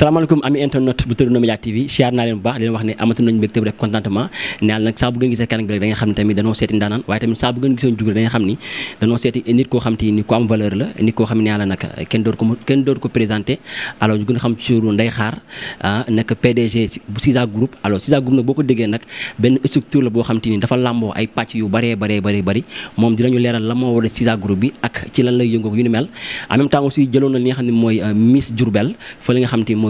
salaamaaleykum ami internet bu Torino Media TV siyaar naa leen bu baax leen wax ne amatu nañu mbégte rek contentement neel nag saa da nga xam tamit danoo seeti ndaanaan waaye tamit saa bu ngeen gisee jug da nga danoo seeti nit koo xam ni ku am valeur la nit koo xam ne yàlla ko a xam ci turu Ndeye Khar ah, nekk dafa làmboo ay pàcc yu bëree bëree bëri bëri moom dinañu leeral la moo war a Sisa Group bi ak ci lan lay yëngoo yu ni mel en même temps aussi na li nga xam ne mooy euh,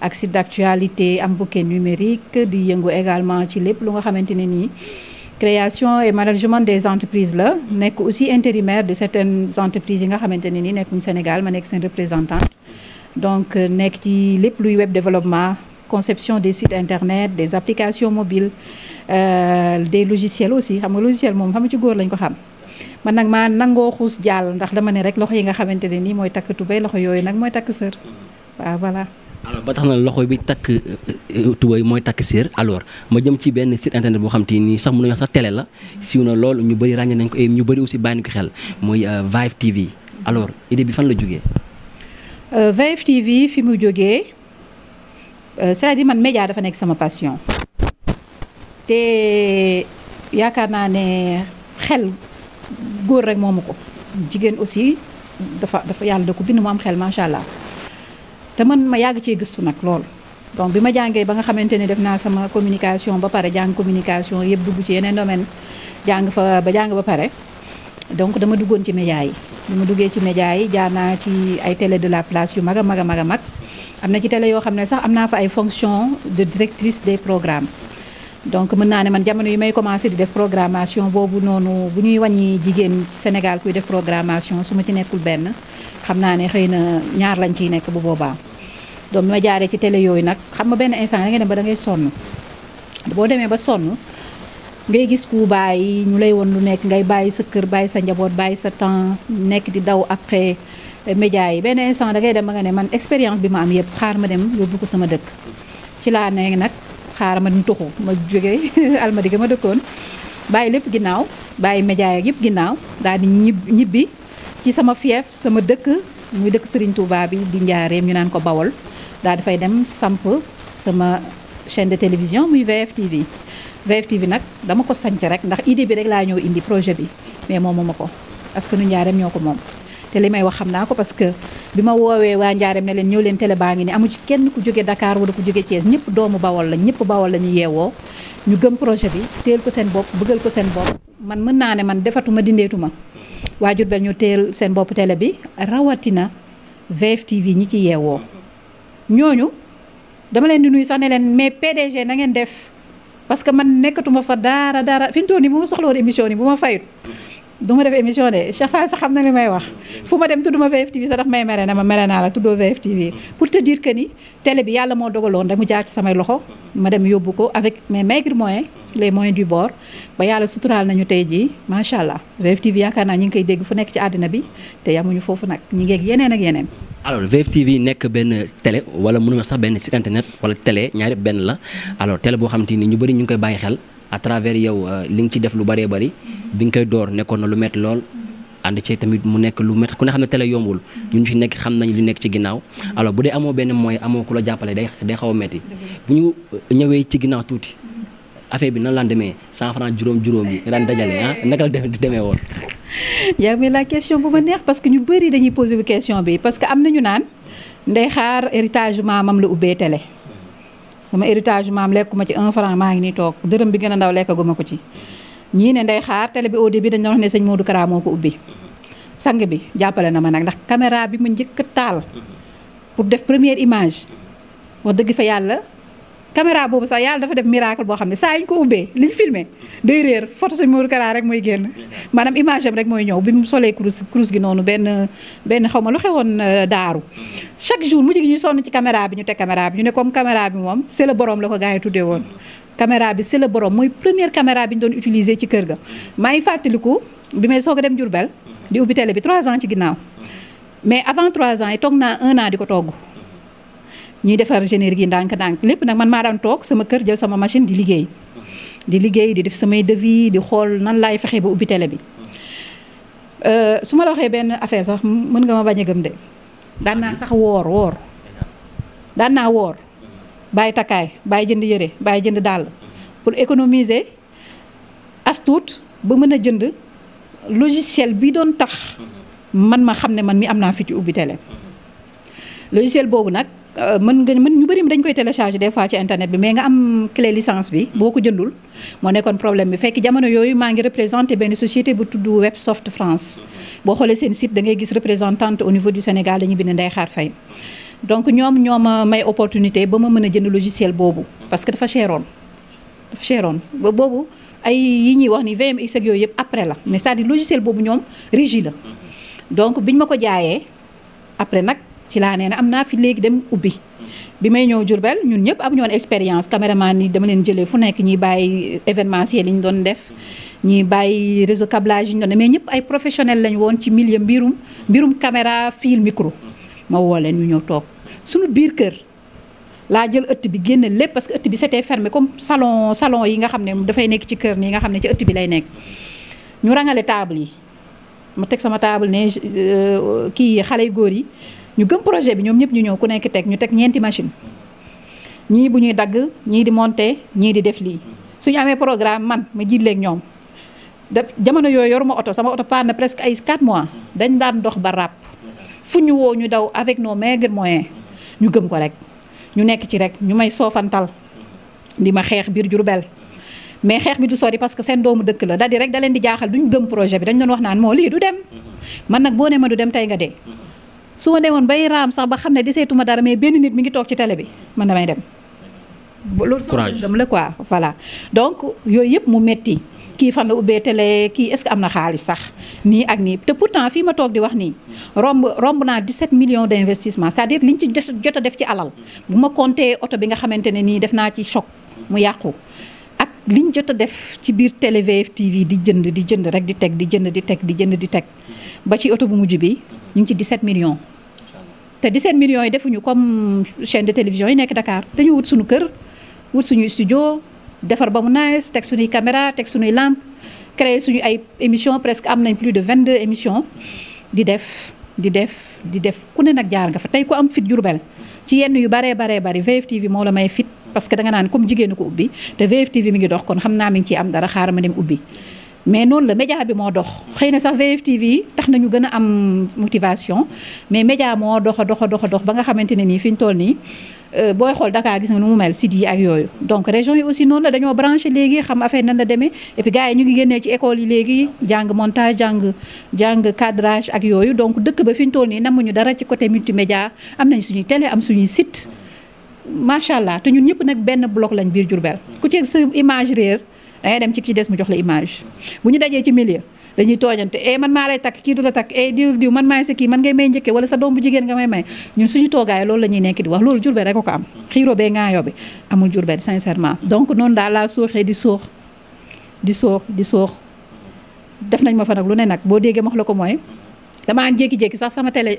ak site d'actualité am bouquet numérique di yëngu également ci lépp lu nga xamante ni création et management des entreprises la nek aussi intérimaire de certaines entreprises yi nga xamante ni nekum Sénégal ma nek sen représentante donc euh, nek ci lépp luy web développement conception des sites internet des applications mobiles euh, des logiciels aussi xam nga logiciel mom xam ci góor lañ ko xam man nak ma nango xous dial ndax dama ne rek loxo yi nga xamante ni moy takatu bay loxo yooyu nak moy tak sœur waaw voilà alors ba tax na loxo bi takk euh, euh, euh, tubay mooy takk séer alors ma jëm ci benn site internet boo xam te nii sax mën nañu wax sax télé la siiw na lool ñu bëri ràññee nañ ko ñu bëri aussi bàyyi nañ ko xel muy Vive TV alors idée bi fan la jógee. Vive TV fi mu jógee cest à man média dafa nekk sama passion te yaakaar naa ne xel góor rek moom ko jigéen aussi dafa dafa yàlla de ko bind mu am xel macha allah. te man ma yàgg cee gistu nag lool donc bi ma jàngee ba nga xamante ne def naa sama communication ba pare jàng communication yëpp dugg ci yeneen domaine jàng fa ba jàng ba pare donc dama duggoon ci média yi bi ma duggee ci média yi jaar naa ci ay télé de la place yu mag a mag a mag a mag am na ci télé yoo xam ne sax am naa fa ay fonction de directrice des programmes donc mën naa ne man jamono yi may commencé di def programmation boobu noonu bu ñuy wàññi jigéen Sénégal kuy def programmation su ma ci nekkul benn xam naa ne xëy na ñaar lañ ciy nekk bu boobaa donc bi ma jaaree ci télé yooyu nag xam nga benn instant da nga dem ba da sonn boo demee ba sonn ngay gis ku yi ñu lay woon lu nekk ngay bàyyi sa kër bàyyi sa njaboot bàyyi sa temps nekk di daw après eh, média yi benn instant da ngay dem ba nga ne man expérience bi ma am yëpp xaar ma dem yóbbu ko sama dëkk ci laa ne nag xaar ma dem tuxu ma jóge almadi ga ma dëkkoon bàyyi lépp ginnaaw bàyyi média yeeg yëpp ginnaaw daal di ñibbi ñibbi ci sama fief sama dëkk muy dëkk Serigne Touba bi di njaareem ñu naan ko Bawol daal dafay dem samp sama chaîne de télévision muy VFTV VFTV nag dama ko sanc rek ndax idée bi rek laa ñëw indi projet bi mais moom ma ko parce que nu njaareem ñoo ko moom te li may wax xam naa ko parce que bi ma woowee waa njaareem ne leen ñëw leen télé baa ngi ni amu ci kenn ku jóge Dakar wala ku jóge Thiès ñëpp doomu Bawol la ñëpp Bawol la ñu yeewoo ñu gëm projet bi téel ko seen bopp bëggal ko seen bopp man mën naa ne man defatuma dindeetuma waajur bel ñu téel seen bopp télé bi rawatina VFTV ñi ci yeewoo ñooñu dama leen di nuyu sax neleen mais PDG na ngeen def parce que man nekkatuma fa daara daara fi mu toll nii bu ma soxla woon émission nii bu ma fayut. du ma def émission de Cheikh Fall sax xam na li may wax fu ma dem tudduma VFtv sax daf may mere na ma mere naa la tuddoo VFtv pour te dire que ni tele bi yàlla moo dogaloon damu jaar ci samay loxo ma dem yóbbu ko avec mais maigres moyens les moyens du bord ba yàlla suturaal nañu tey jii macha allah VFtv yaakaar naa ñi ngi koy dégg fu nekk ci àddina bi te yamuñu foofu nag ñi ngeeg yeneen ak yeneen alors VFtv nekk benn télé wala mënuma sax benn site internet wala télé ñaari benn la alors télé boo xam te ni ñu bari ñu ngi koy bàyyi xel à travers yow euh, li nga ci def lu bëree bëri bi nga koy door nekkoon na lu métti lool. ànd ci tamit mu nekk lu métti ku ne xam ne télé yombul ñun fi nekk xam nañ lu nekk ci ginnaaw alors bu dee amoo benn mooy amoo ku la jàppale day day xaw a métti bu ñu ñëwee ci ginnaaw tuuti. affaire bi nan la demee cent franc juróom-juróom yi nga daan dajale ah naka la demee woon. yaa ngi la question bu ma neex parce que ñu bëri dañuy posé bu question bi parce que am na ñu naan ndey xaar héritage maamam la ubbee télé ma héritage maam lekkuma ci un franc maa ngi nii toog dërëm bi gën a ndaw lekkaguma ko ci. ñii ne ndey xaar tele bi au début dañu doon wax ne sëñ Modou Kara moo ko ubbi sang bi jàppale na ma nag ndax caméra bi ma njëkk taal pour def première image wax yàlla. caméra bobu sax yalla dafa def miracle bo xamné ne ñu ko ubbee li ñu filmé day réer photo sëñ Modou Kara rek moy génn manam image am rek moy ñëw bi mu solee cruise cruise gi nonu ben ben xawma lu xewon euh, daaru chaque jour mu gi ñu sonn ci caméra bi ñu té caméra bi ñu né comme caméra bi mom c'est le borom lako gaay tuddé won caméra bi c'est le borom moy première caméra bi ñu doon utiliser ci kër ga may fatiliku bi may soog dem Diourbel di ubbi télé bi 3 ans ci ginnaaw mais avant 3 ans et toog naa un an diko ko togg ñuy defar générique yi ndànk-ndànk lépp nag man maa daan toog sama kër jël sama machine di liggéey di liggéey di def samay devis di xool nan laay fexe ba ubbi télé bi euh, su ma la waxee benn affaire sax mën nga ma bañ a gëm de daan naa sax woor woor daan naa woor bàyyi takkaay bàyyi jënd yëre bàyyi jënd dàll pour économiser as tuut ba mën jënd logiciel bi doon tax man ma xam man mi am fi ci ubbi télé logiciel boobu nag Euh, man nga man ñu bëri dañ koy télécharger des fois ci internet bi mais nga am clé licence bi boo jëndul mo nekkon problème bi fekk jamono yoyu ma ngi représenter ben société bu tudd Websoft France bo xolé sen site da ngay gis représentante au niveau du Sénégal dañu bind Ndeye xaar fay donc ñom ñom may opportunité ba ma mën jënd logiciel bobu parce que dafa cheroon dafa cheroon ba bobu ay yi ñi wax ni VMX ak yoyep après la mais c'est-à-dire logiciel bobu ñom régie la donc biñ mako jaayé après nak ci laa nee na am naa fi léegi dem ubbi bi may ñëw Jurbel ñun ñëpp am ñoon expérience caméraman yi dama leen jëlee fu nekk ñiy bàyyi événementiel yi ñu doon def ñiy bàyyi réseau câblage yi ñu doon mais ñëpp ay professionnel lañ woon ci milieu mbirum mbirum caméra fil micro ma woo leen ñu ñëw toog suñu biir kër laa jël ëtt bi génne lépp parce que ëtt bi c'était fermé comme salon salon yi nga xam ne dafay nekk ci kër nii nga xam ne ci ëtt bi lay nekk ñu rangale table yi ma teg sama table ne euh, kii xale yu góor yi ñu gëm projet bi ñoom ñëpp ñu ñëw ku nekk teg ñu teg ñeenti machine ñii bu ñuy dagg ñii di monter ñii di def lii suñu amee programme man ma jiit leeg ñoom def jamono yooyu yoruma oto sama oto paan na presque ay 4 mois dañ daan dox ba ràpp fu ñu woo ñu daw avec nos maigres moyens ñu gëm ko rek ñu nekk ci rek ñu may soofantal di ma xeex biir Jurbel mais xeex bi du sori parce que seen doomu dëkk la daal di rek da leen di jaaxal duñ gëm projet bi dañ doon wax naan moo lii du dem man nag boo ne ma dem tey nga dee su ma demoon bay raam sax ba xam ne deseetuma dara mais benn nit mi ngi toog ci télé bi man damay dem. loolu sax gëm la quoi voilà donc yooyu yëpp mu metti kii fan la ubbee tele kii est-ce am na xaalis sax nii ak nii te pourtant fii ma toog di wax nii romb romb naa 17 millions d'investissement c'est-à-dire liñ ci jot a def ci alal bu ma compter oto bi nga xamante ne nii def naa ci choc mu yàqu. liñ jot a def ci biir télé TV di jënd di jënd rek di teg di jënd di teg di jënd di teg ba ci oto bu mujj bi ñu ngi ci 17 millions. te 17 millions yi defuñu comme chaîne de télévision yi nekk Dakar dañu wut suñu kër wut suñu studio defar ba mu nice teg suñuy caméra teg suñuy lampe créer suñu ay émission presque am nañ plus de 22 émissions di def di def di def ku ne nag jaar nga fa tey ku am fit Jurbel ci yenn yu baree baree VF TV moo la may fit. parce que danga naan comme jigéenu ko ubbi te VFtv mi ngi dox kon xam naa mi ngi ciy am dara xaaral ma dem ubbi mais noonu la média bi moo dox xëy na sax VFtv tax nañu gën a am motivation mais média moo dox a dox a dox ba nga xamante ne nii fi ñu toll nii euh, booy xool Dakar gis nga nu mu mel site yi ak yooyu donc région yi aussi noonu la dañoo branché léegi xam affaire nan la demee et puis gars yi ñu ngi génnee ci école yi léegi jàng montage jàng jàng cadrage ak yooyu donc dëkk ba fi ñu toll nii namuñu dara ci côté multimédia am nañ suñuy télé am suñuy site macha allah te ñun ñëpp nag benn bloc lañ biir Diourbel ku ci sa image réer da dem ci kii des mu jox la image bu ñu dajee ci milieu dañuy tooñante e man maa lay takk kii du la takk e diw diw man maay sa kii man ngay may njëkkee wala sa doom bu jigéen nga may may ñun suñu toogaay loolu la nekk di wax loolu Diourbel rek ko ko am xiiroo bee ŋaayoo bi amul Diourbel sincèrement donc noonu daal laa sooxee di suux di suux di soox def nañ ma fa nag lu ne nag boo déggee wax la ko mooy damaa jékki sax sama télé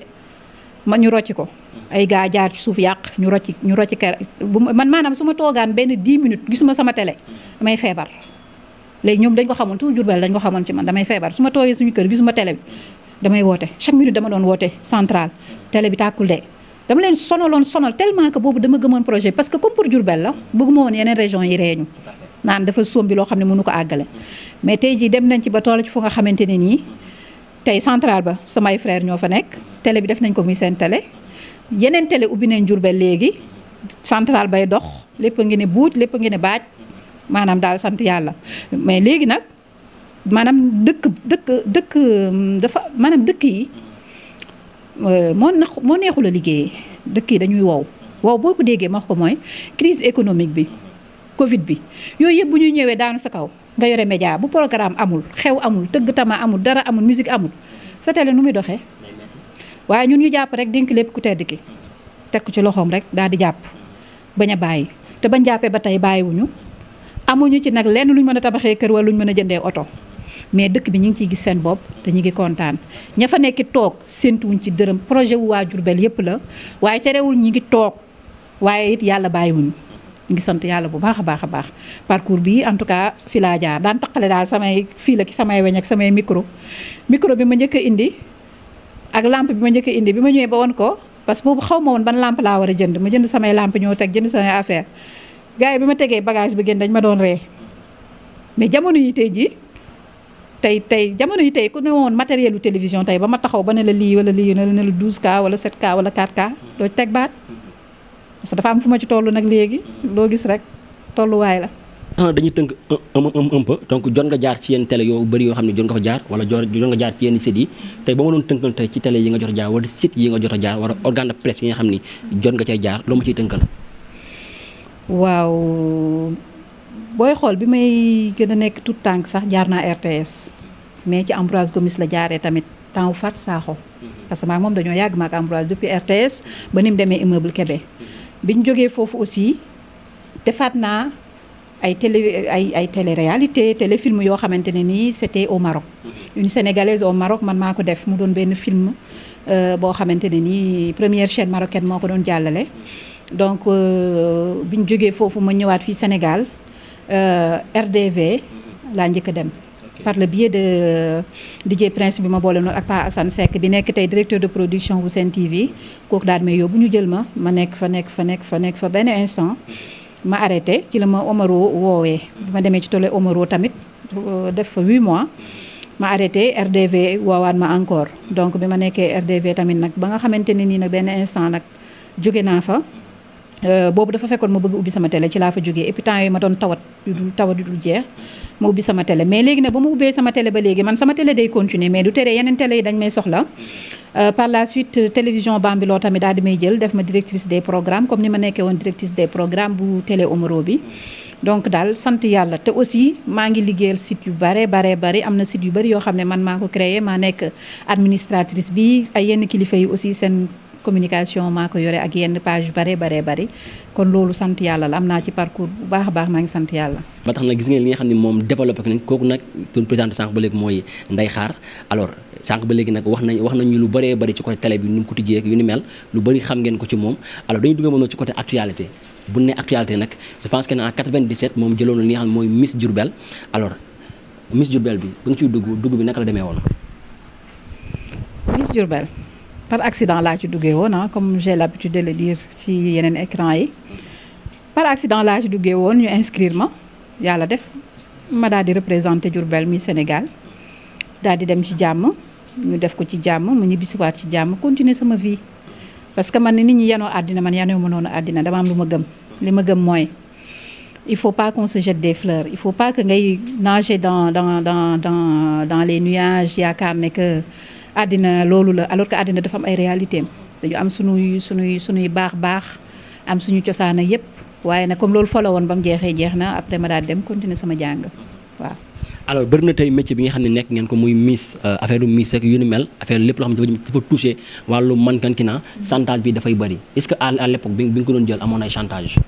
ma ñu rocci ko ay gaa jaar ci suuf yàq ñu rocci ñu rocci ker man maanaam su ma toogaan benn 10 minutes gisuma sama télé damay feebar léegi ñoom dañ ko xamoon tout Diourbel dañ ko ci man damay feebar su ma toogee suñu kër gisuma woote chaque minute dama doon woote centrale télé bi tàkkul de dama leen sonaloon sonal tellement que boobu dama gëmoon projet parce que comme pour Diourbel la bëgguma woon yeneen région yi reeñu naan dafa soom bi loo xam ne mënu ko àggale mais tey jii dem nañ ci ba tool ci fu nga xamante ne nii tey central ba samay frère ñoo fa nekk télé bi def nañ ko muy seen télé yeneen tele ubbi nañ Diourbel léegi central bay dox lépp a ngi ne buuj lépp a ngi ne baaj maanaam daal sant yàlla mais léegi nag maanaam dëkk dëkk dëkk dafa maanaam dëkk yi euh, moo na moo neexul a liggéeyee dëkk yi dañuy wow wow boo ko déggee ma ko mooy crise économique bi covid bi yooyu yëpp bu ñuy ñëwee daanu sa kaw nga yore média bu programme amul xew amul tëgg tama amul dara amul musique amul sa télé nu muy doxee waaye ñun ñu jàpp rek dénk lépp ku tedd ki teg ci loxoom rek daal di jàpp bañ a bàyyi te bañ jàppee ba tey bàyyiwuñu amuñu ci nag lenn luñ mën a tabaxee kër wala luñ mën a jëndee oto mais dëkk bi ñu ngi ciy gis seen bopp te ñu ngi kontaan ña fa nekki toog séentuwuñ ci dërëm projet wu waa Jurbel yépp la waaye terewul ñu ngi toog waaye it yàlla bàyyiwuñu ñu ngi sant yàlla bu baax a baax a baax parcours bi en tout cas fi laa jaar daan taqale daal samay fii la ki samay weñ ak samay micro micro bi ma njëkk a indi ak lampe bi ma njëkk indi bi ma ñëwee ba woon ko parce que boobu xaw ma woon ban lampe laa war a jënd ma jënd samay lampe ñëw teg jënd samay affaire gars yi bi ma tegee bagage bi gën dañ ma doon ree mais jamono yi tey jii tey tey jamono yi tey ku ne woon matériel bu télévision tey ba ma taxaw ba ne la lii wala lii ne la ne lu 12K wala 7K wala 4K doo teg baat parce dafa am fu ma ci toll nag léegi loo gis rek tolluwaay la. un ah, dañu tënk un ah, peu donc jot nga jaar ci yenn télé yoo bëri yoo xam ne jot nga fa jaar wala jot nga jaar ci yenn sites yi tey ba ma doon tënkal tey ci télé yi nga jot jaar wala site yi nga jot jaar wala organe de presse yi nga xam ni nga cay jaar loo ma ciy tënkal waaw booy xool bi may gën a tout tànk sax jaar naa RTS mais ci Ambroise Gomis la jaaree tamit temps Fat Sakho parce que maag moom dañoo yàgg maag Ambroise depuis RTS ba ni mu demee immeuble Kébé mm-hmm. bi ñu aussi ay télé ay ay télé-réalité téléfilm yoo xamante ne ni c'était au Maroc. une sénégalaise au Maroc man mako def mu doon ben film euh, boo xamante ni première chaîne marocaine moo ko doon donc euh, bi ñu jógee foofu ma ñëwaat fi Sénégal euh, RDV la njëkk dem. par le biais de DJ Prince bi ma boole noonu ak Pa Assane Seck bi nekk tay directeur de production wu Sen TV kooku daal may yobu ñu jël ma ma nekk fa nekk fa nekk fa nekk fa ben instant. ma arrêté ci la ma Omaro woowee bi ma demee ci tollee Omaro tamit euh, def fa huit mois ma arrêté RDV woowaat ma encore donc bi ma nekkee RDV tamit nag ba nga xamante ne nii nag benn instant nag jóge naa fa Euh, boobu dafa fekkoon ma bëgg ubbi sama télé ci laa fa jóge et puis temps yooyu ma doon tawat yu dul tawat yu dul jeex ma ubbi sama télé mais léegi nag ba mu ubbee sama télé ba léegi man sama télé day continuer mais du tere yeneen télé yi dañ may soxla euh, par la suite télévision Bambilor tamit daal di may jël def ma directrice des programmes comme ni ma nekkee woon directrice des programmes bu télé Omaro bi donc daal sant yàlla te aussi maa ngi liggéeyal site yu bare bare bare am na site yu bëri yoo xam ne man maa ko créé maa nekk administratrice bi yenn kilifa yi aussi seen communication maa ko yore ak yenn page yu bare bare bari kon loolu sant yàlla la am naa ci parcours bu baax a baax maa ngi sant yàlla. ba tax na gis ngeen li nga xam ni moom développé ko nañ kooku nag pour présenté ba léegi mooy Ndeye Khar alors sànq ba léegi nag wax nañ wax nañu lu bëree bëri ci côté télé bi nu mu tijjee yu ni mel lu bëri xam ngeen ko ci moom alors dañu dugg moom ci côté actualité bu ne actualité nag je pense que en 97 moom jëloon na li nga xam ne mooy Miss Diourbel alors Miss bi ba nga ciy dugg dugg bi naka la demee woon. par accident laa ci dougué woon ah, comme j'ai l'habitude de le dire ci un écran yi par accident laa ci dougué woon ñu inscrire ma yàlla def ma daal représenter du mi Sénégal daal dem ci jamm ñu def ko ci jàmm mu ñibbisiwaat ci jamm continuer sama vie parce que man ni nit ñi yano adina man yanoo ma noonu àddina dama am luma ma gëm li ma gëm mooy il faut pas qu'on se jette des fleurs il faut pas que ngay nager dans dans dans dans dans les nuages yakarne que àddina loolu la alors que àddina dafa am ay réalité dañu am sunuy suñuy sunuy baax baax am suñu cosaana yépp waaye na comme loolu folo woon ba mu jeexee jeex na après ma daal dem continuer sama jàng waaw. alors bëri na tey métier bi nga xam ne nekk ngeen ko muy miss euh, affaire miss ak yu ni mel affaire lépp loo xam ne dafa touché wàllu mannequinat chantage bi dafay bëri est-ce que à l'époque bi nga ko doon jël amoon ay chantage.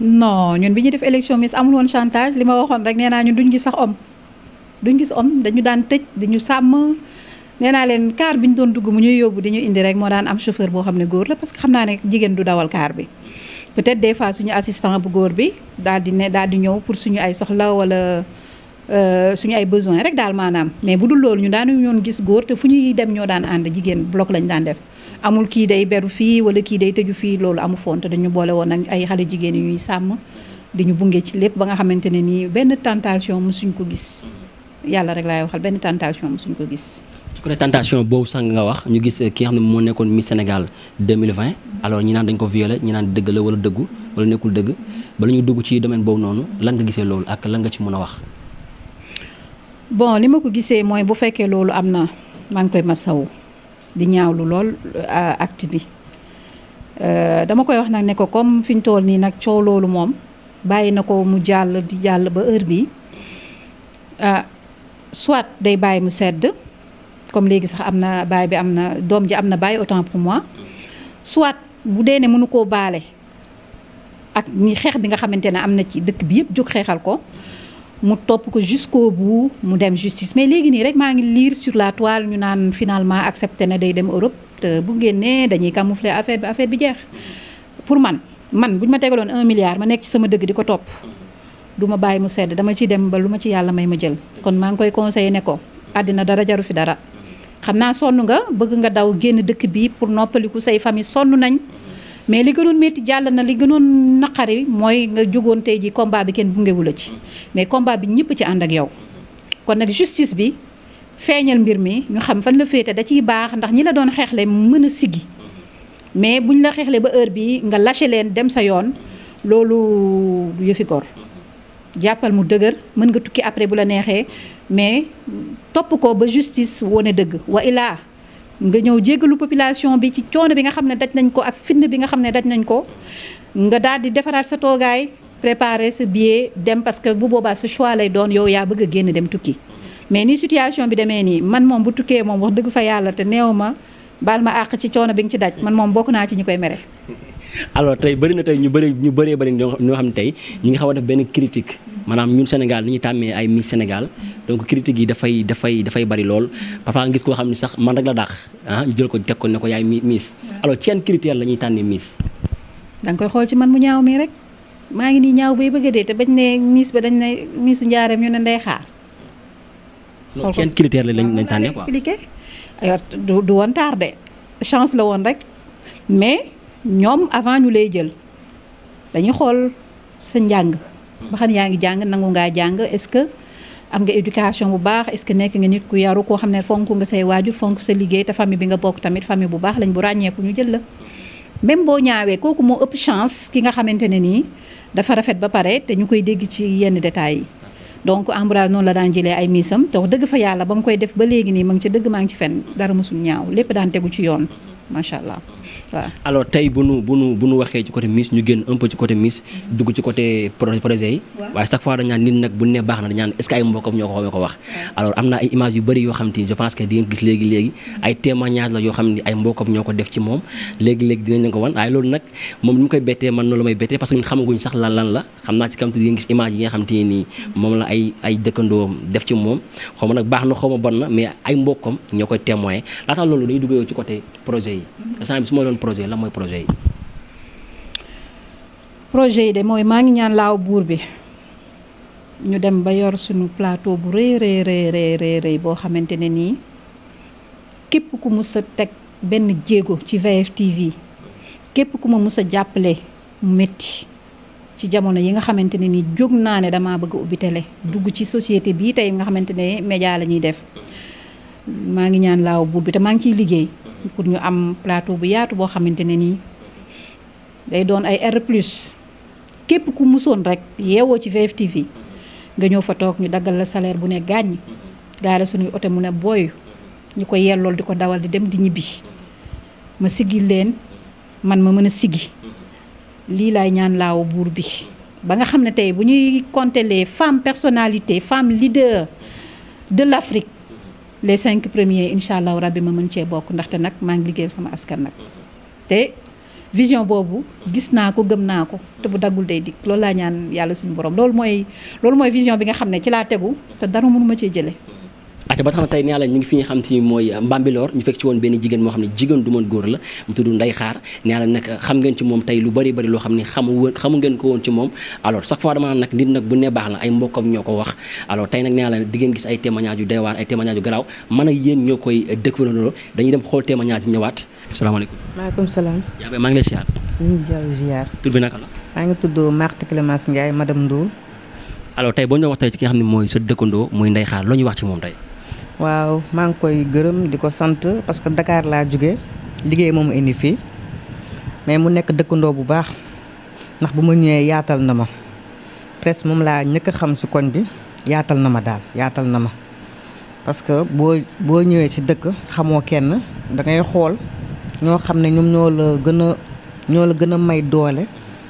non ñun bi ñu def élection miss amul woon chantage li ma waxoon rek nee naa ñun sax homme duñ gis homme dañu daan tëj dañu sàmm. nee leen kaar bi ñu doon dugg mu ñuy yóbbu dañu indi rek moo daan am chauffeur boo xam ne góor la parce que xam naa ne jigéen du dawal kaar bi peut-être des fois suñu assistant bu góor bi daal di ne daal di ñëw pour suñu ay soxla wala euh, suñu ay besoin rek daal maanaam mais bu dul loolu ñu daanu ñoon gis góor te fu ñuy dem ñoo daan ànd jigéen bloc lañ daan def amul kii day beru fii wala kii day tëju fii loolu amu foon te dañu boole woon ak ay xale jigéen yi ñuy sàmm di ñu bunge ci lépp ba nga xamante ne nii benn tentation mu suñ ko gis yàlla rek laay waxal benn tentation suñ ko gis su ko defee tentation boobu sax nga wax ñu gis eh, ki nga xam ne moo nekkoon Miss Sénégal 2020 alors ñi naan dañ ko violé ñi naan dëgg la wala dëggu wala nekkul dëgg bala ñu dugg ci domaine boobu noonu lan nga gisee loolu ak lan nga ci mën a wax. bon li ma ko gisee mooy bu fekkee loolu am na maa ngi koy masawu di ñaawlu lool euh, acte bi euh, dama koy wax nag ne ko comme fi ñu toll nii nag coow loolu moom bàyyi na ko mu jàll di jàll ba heure bi euh, soit day bàyyi mu sedd. comme léegi sax am na baay bi am na doom ji am na baay autant pour moi soit bu dee ne mënu koo baale ak ni xeex bi nga xamante na ci dëkk bi yëpp jóg xeexal ko mu topp ko jusqu'au bout mu dem justice mais léegi nii rek maa ngi lire sur la toile ñu naan finalement accepté na day dem Europe te bu génnee dañuy camoufler affaire bi affaire bi jeex pour man man bu ñu ma tegaloon un milliard ma nekk ci sama dëgg di ko topp du mu sedd dama ci dem ba lu ci may ma jël kon maa ngi koy conseillé ne ko àddina dara jaru fi dara xam naa sonn nga bëgg nga daw génn dëkk bi pour noppaliku say famille sonn nañ mais li gënoon métti jàll na li gënoon naqari mooy nga jógoon tey ji combat bi kenn bungewu la ci mais combat bi ñëpp ci ànd ak yow kon nag justice bi feeñal mbir mi ñu xam fan la féete da ciy baax ndax ñi la doon xeexle mën a siggi mais buñ la xeexle ba heure bi nga lâché leen dem sa yoon loolu yëfi gor jàppal mu dëgër mën nga tukki après bu la neexee mais topp ko ba justice wone dëgg wa ilaa nga ñëw jéggalu population bi ci coono bi nga xam ne daj nañ ko ak fitna bi nga xam ne daj nañ ko nga daal di defaraat sa toogaay préparer sa billet dem parce que bu boobaa sa choix lay doon yow yaa bëgg a génn dem tukki mais ni situation bi demee nii man moom bu tukkee moom wax dëgg fa yàlla te neew ma baal ma àq ci coono bi nga ci daj man moom bokk naa ci ñi koy mere alors tey bëri na tey ñu bëri ñu bëree bëri ñoo xam ne tey ñi nga xamante benn critique maanaam ñun Sénégal ni ñu tàmmee ay Miss Sénégal donc critique yi dafay dafay dafay bari lool parfois ngis gis koo xam ne sax man rek la dàq ah, ñu jël ko teg ko ne ko yaay Miss alors ci critère la ñuy tànnee Miss. danga koy xool ci man mu ñaaw mii rek maa ngi nii ñaaw bay bëgg a dee te bañ ne miis ba dañ ne Missu Njaareem ñu ne ndey xaar. xool ci yan critère la lañ lañ ah, tànnee quoi du du taar tardé chance la woon rek mais ñoom avant ñu lay jël dañuy xool sa njàng. ba xam yaa ngi jàng nangu ngaa jàng est-ce que am nga éducation bu baax est-ce nekk nga nit ku yaru koo xam ne fonk nga say waajur fonk sa liggéey te famille bi nga bokk tamit famille bu baax lañ bu ràññeeku ñu jël la. même boo ñaawee kooku moo ëpp chance ki nga xamante ne nii dafa rafet ba pare te ñu koy dégg ci yenn détails yi. donc Ambroise noonu la daan jëlee ay miisam te wax dëgg fa yàlla ba mu koy def ba léegi nii ma ngi ci dëgg maa ngi ci fen dara musul ñaaw lépp daan tegu ci yoon. macha allah waaw. tey bu nu bu nu bu nu waxee ci côté Miss ñu génn un peu ci côté Miss dugg ci côté projet yi. waaye chaque fois dañu nit nag bu ne baax na dañu naan est ay mbokkam ñoo ko na ay images yu bëri yoo xam te xam ne ay mbokkam ñoo ko def ci moom léegi léegi dinañ la ko wan waaye loolu nag moom ni mu koy bettee man noonu la may bettee parce que ñun xamaguñ sax lan lan la xam naa ci kam te di nga gis image yi nga xam te nii moom la ay ay dëkkandoom def ci moom xaw nag baax na xaw ma bon na mais ay mbokk ñoo koy témoin laata loolu dañuy duggee ci côté projet yi yi instant bi su projet yi lan mooy projet yi projet yi de mooy maa ngi ñaan laaw buur bi ñu dem ba yor suñu plateau bu rëy rëy rëy boo xamante ne nii képp ku mus a teg benn jéego ci VFtv képp ku ma mus a jàppale mu métti ci jamono yi nga xamante ne nii jóg naa ne damaa bëgg ubbi télé dugg ci société bii tey nga xamante ne média la ñuy def maa ngi ñaan laaw buur bi te maa ngi ciy liggéey pour ñu am plateau bu yaatu boo xamante ne day doon ay R plus képp ku musoon rek yeewoo ci VFtv nga ñëw fa toog ñu daggal la salaire bu ne gàññ gaare suñuy oto mu ne booy ñu ko yellool di ko dawal di dem di ñibbi ma sigil leen man ma mën a siggi lii laay ñaan laaw buur bi ba nga xam ne tey bu ñuy compter les femmes personnalités femmes de l'Afrique les cinq premiers incha allahu bi ma mën cee bokk ndaxte nag maa ngi liggéeyal sama askan nag te vision boobu gis naa ko gëm naa ko te bu daggul day dikk loolu laa ñaan yàlla suñu borom loolu mooy loolu mooy vision bi nga xam ne ci laa tegu te dara mënu ma cee jëlee te ba tax na tey nee la ñu ngi fi nga xam te ni mooy Mbambilor ñu fekk ci woon benn jigéen moo xam ne jigéen du mën góor la mu tudd Ndeye Xaar nee nag xam ngeen ci moom tey lu bari bari loo xam ko woon ci moom alors chaque fois dama nag nit nag bu ne baax la ay mbokkam ñoo ko wax alors tey nag nee la di ngeen gis ay témoignage yu doy waar ay témoignage yu garaaw man ak yéen ñoo ngi lay ngi xam ne mooy sa dëkkandoo mooy Ndeye Xaar loo ñuy wax ci moom tey waaw maa ngi koy gërëm di ko sant parce que Dakar laa jóge liggéey moom indi fii mais mu nekk dëkkandoo bu baax ndax bu ma ñëwee yaatal na ma presque moom laa ñëkk xam si koñ bi yaatal na ma daal yaatal na ma parce que boo boo ñëwee si dëkk xamoo kenn da xool ñoo xam ne ñoom ñoo la gën a ñoo la gën a may doole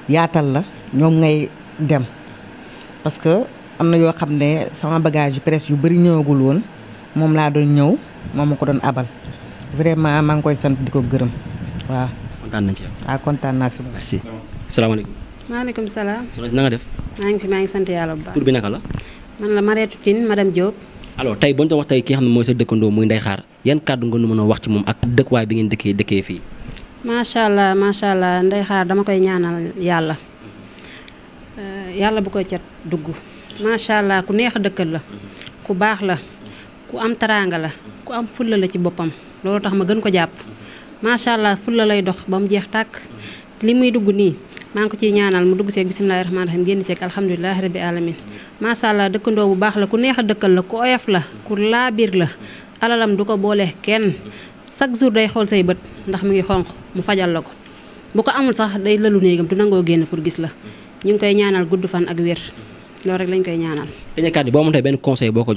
yaatal la ñoom ngay dem parce que am na yoo xam ne sama bagage yu presque yu bëri ñëwagul woon moom laa doon ñëw moom ko doon abal vraiment maa ngi koy sant di ko gërëm waaw. kontaan nañ ci yow. waaw ah, kontaan naa si moom. merci salaamaaleykum. maaleykum salaam. soxna si na nga def. maa ngi fi maa ngi sant yàlla bu baax. tur bi naka la. man la Mariétou Tine madame Diop. alors tey boo ñu doon wax tey ki nga xam sa dëkkandoo muy Ndeye Khar yan kàddu nga nu mën wax ci moom ak dëkkuwaay bi ngeen dëkkee dëkkee fii. macha allah macha allah Ndeye Khar dama koy ñaanal yàlla euh, Yalla bu koy cat dugg macha allah ku neex a dëkkal la ku baax la ku am teraanga la ku am fulla la ci boppam loolu tax ma gën ko jàpp macha allah fulla lay dox ba mu jeex tak, li muy dugg nii maa ngi ko ciy ñaanal mu dugg seeg bisimilahi rahmaani rahim génn seeg alhamdulilahi alamin macha allah dëkkandoo bu baax la ku neex a dëkkal la ku oyof la ku laabir la alalam du ko boole kenn chaque jour day xool say bët ndax mi ngi xonq mu fajal la bu ko amul sax day lalu néegam du nangoo génn pour gis la ñu ngi koy ñaanal gudd fan ak wér loolu rek lañ koy ñaanal. dañu kàddu boo amoon tey benn conseil boo